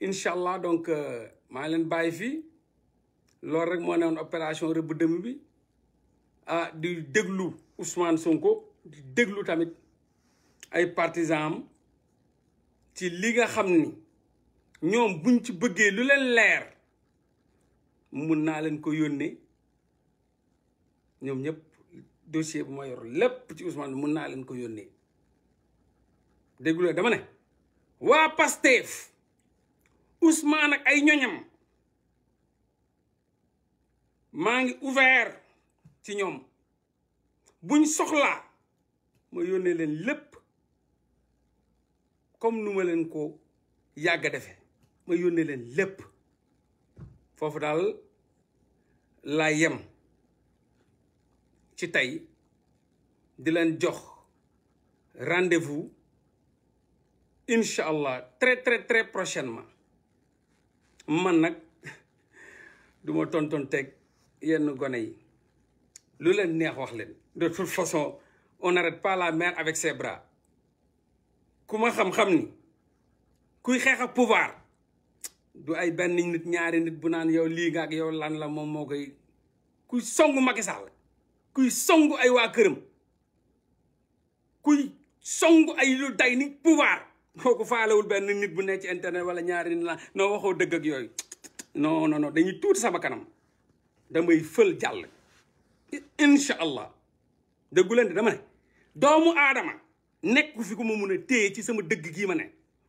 incha allah donc euh, maa leen bàyyi fii loolu rek moo newoon opération rëbb dëmm bi ah di déglu Ousmane sunko di déglu tamit ay partisans am ci li nga xam ni ñoom buñ ci bëggee lu leen leer mun naa leen ko yónnee ñoom ñëpp dossier bu ma yoru lépp ci usman mun naa leen ko yónnee déglu dama ne waa Pastef Ousmane ak ay ñoñam maa ngi ouvert ci ñoom buñ soxlaa ma yónnee leen lépp comme nu ma leen ko yàgg defe ma yónnee leen lépp foofu daal laa yem ci tey di leen jox rendez-vous incha allah très très très prochainement man nag du ma tontoon teg yenn gone yi lu leen neex wax leen de toute façon on n'arrête pas la mer avec ses bras xam-xam ni kuy xeex ak pouvoir du ay benn nit ñaari nit bu naan yow lii nga ak yow lan la moom moo koy kuy songu Macky kuy songu ay waa këram kuy songu ay lu day ni pouvoir boo ko faalewul benn nit bu nekk ci internet wala ñaari la noo waxoo dëgg ak yooyu non non non dañuy tuuti sama kanam damay fël jàll incha allah dëggu leen di dama ne doomu aadama nekk fi ku ma mun a téye ci sama dëgg gii ma ne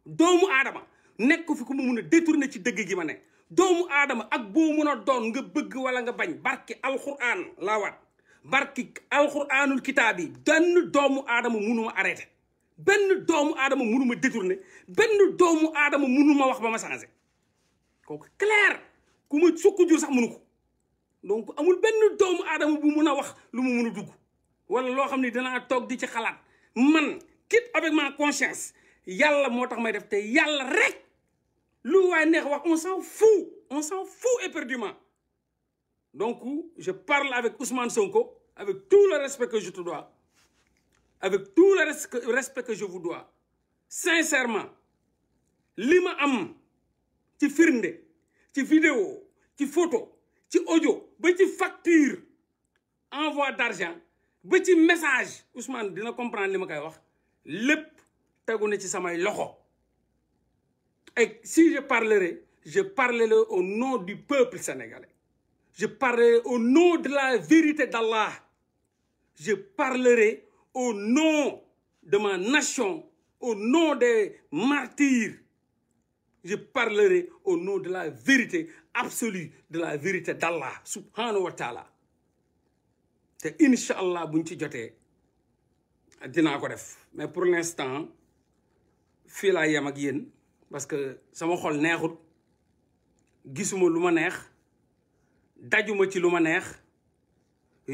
doomu aadama nekk fi ku ma mun a détourné ci dëgg gi ma ne doomu aadama ak boo mun a doon nga bëgg wala nga bañ barki alquran laawaat barki alquranul kitaab yi benn doomu aadama munuma arrêté benn doomu aadama mënuma détourné benn doomu aadama mënuma wax ba ma changé kooku clair ku ma sukk jur sax mënu ko donc amul benn doomu aadama bu mun a wax lu mu mun a dugg wala loo xam ni danaa toog di ci xalaat man quitte avec ma conscience yàlla moo tax may def te yàlla rek lu waay neex wax on s'en fout on s'en fout éperdument donc je parle avec Ousmane Sonko avec tout le respect que je te avec tout le respect que je vous dois sincèrement li ma am ci firnde ci vidéo ci photo ci ojo ba ci facture envoi d'argent ba ci message Ousmane dina comprendre li ma koy wax lépp tegu na ci samay loxo et si je parlerai je parlerai au nom du peuple sénégalais je parlerai au nom de la vérité d'Allah je parlerai au nom de ma nation, au nom des martyrs, je parlerai au nom de la vérité absolue, de la vérité d'Allah, subhanahu wa ta'ala. te incha allah buñ ci jotee dinaa ko def mais pour l'instant fii laa yem ak yéen parce que sama xol neexut gisuma lu ma neex dajuma ci lu ma neex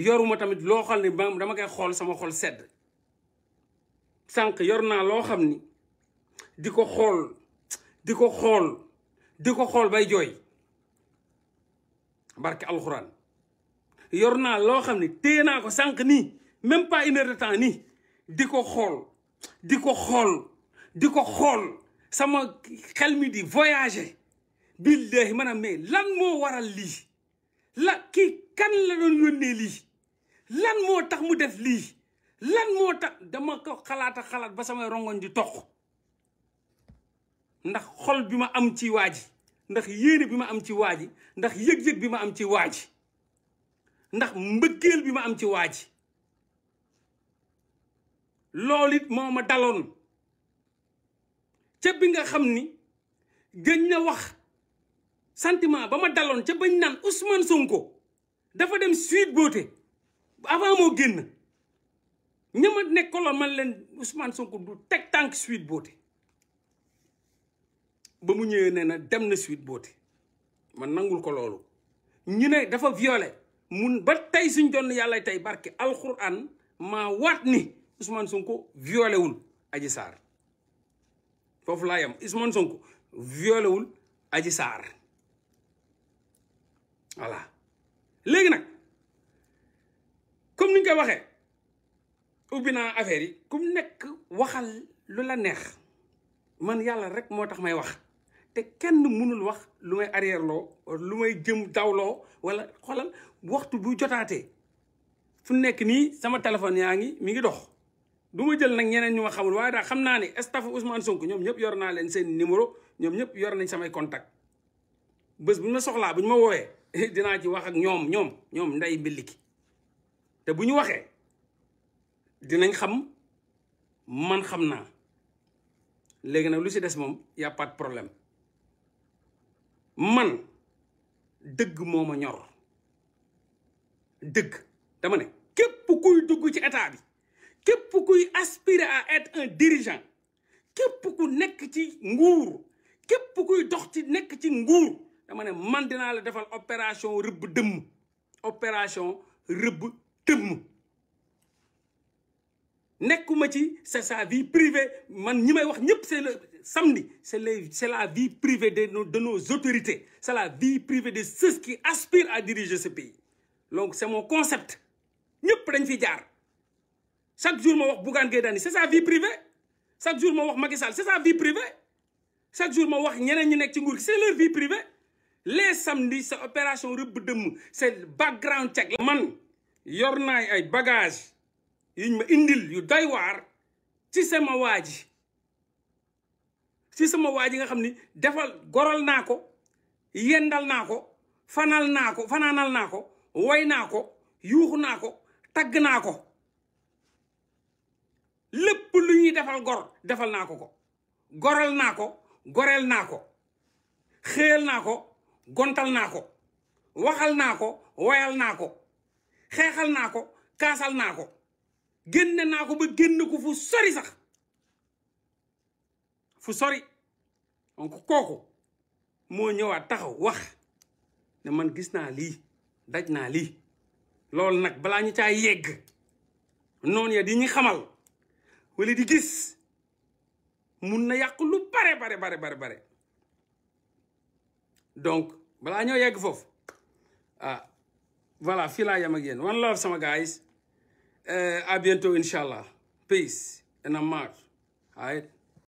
yoruma tamit loo xam ne ba dama koy xool sama xol sedd sànq yor naa loo xam ni di ko xool di ko xool di ko xool bay jooy barke alxuraan yor naa loo xam ne téye naa ko sànq nii même pas une de temps nii di ko xool di ko xool di ko xool sama xel mi di voyager billahi maanaam mais lan moo waral lii la kii kan la doon yónnee lii lan moo tax mu def lii lan moo tax dama ko xalaata xalaat ba samay rongoñ di toq ndax xol bi ma am ci waa ndax yéene bi ma am ci waa ndax yëg-yëg bi ma am ci waa ndax mbëkkeel bi ma am ci waa ji loolu it moo ma daloon ca bi nga xam ni gëñ na wax sentiment ba ma daloon ca bañ naan Ousmane Sonko dafa dem Sweet Beauté avant moo génn ña nekkoon nekkaloon man leen Ousmane Sonko du teg tànk Sweet Beauté ba mu ñëwee nee na dem na Sweet Beauté man nangul ko loolu ñu ne dafa violé mun ba tey suñ doon yàlla tey barke alxuraan maa waat ni Ousmane Sonko violé wul Adji Sarr foofu laa yam Ousmane Sonko violewul wul Adji voilà léegi nag comme ni ñu koy waxee ubbi naa affaire yi ku nekk waxal lu la neex man yàlla rek moo tax may wax te kenn mënul wax lu may arrière loo lu may jëm dawloo wala xoolal waxtu bu jotaatee fu nekk nii sama téléphone yaa ngi mi ngi dox du ma jël nag ñeneen ñu ma xamul waaye daal xam naa ne staff Ousmane Sonko ñoom ñëpp yor naa leen seen numéro ñoom ñëpp yor nañ samay contact bés bu ñu ma soxlaa bu ñu ma woowee dinaa ci wax ak ñoom ñoom ñoom nday mbiliki te bu ñu waxee dinañ xam man xam naa léegi nag lu si des moom y pas de problème man dëgg moom a ñor dëgg dama ne képp kuy dugg ci état bi képp kuy aspirer à être un dirigeant képp ku nekk ci nguur képp kuy dox ci nekk ci nguur dama ne man dinaa la defal opération rëbb dëmm opération rëbb dëmm nekkuma ci c'est sa vie privée man ñi may wax ñëpp c'est le samedi c'est les c'est la vie privée de nos de nos autorités c'est la vie privée de ceux qui aspirent à diriger ce pays donc c'est mon concept ñëpp dañ fi jaar chaque jour ma wax Bougane Gueye Dany c'est sa vie privée chaque jour ma wax Macky Sall c'est sa vie privée chaque jour ma wax ñeneen ñi nekk ci nguur gi c'est leur vie privée lee samedi sa opération rëbb dëmm c'est background check la man yor naa ay bagage yiñ ma indil yu doy waar ci sama waaji ji ci sama waa ji nga xam ni defal goral naa ko yendal naa ko fanal naa ko fanaanal naa ko woy naa ko yuuxu naa ko tagg naa ko lépp lu ñuy defal gor defal naa ko ko goral naa ko goreel naa ko xéel naa ko gontal naa ko waxal naa ko wayal naa ko xeexal naa ko kaasal naa ko génne naa ko ba génn ko fu sori sax fu sori donc kooku moo ñëwaat taxaw wax ne man gis naa lii daj naa lii loolu nag balaa ñu caa yegg noonu ya di ñu xamal wala di gis mun na yàq lu bare bare bare bare bare donc balaa ñoo yegg foofu ah voilà fii laa yem ak yéen one love sama guys euh, à bientôt incha allah peace and I'm out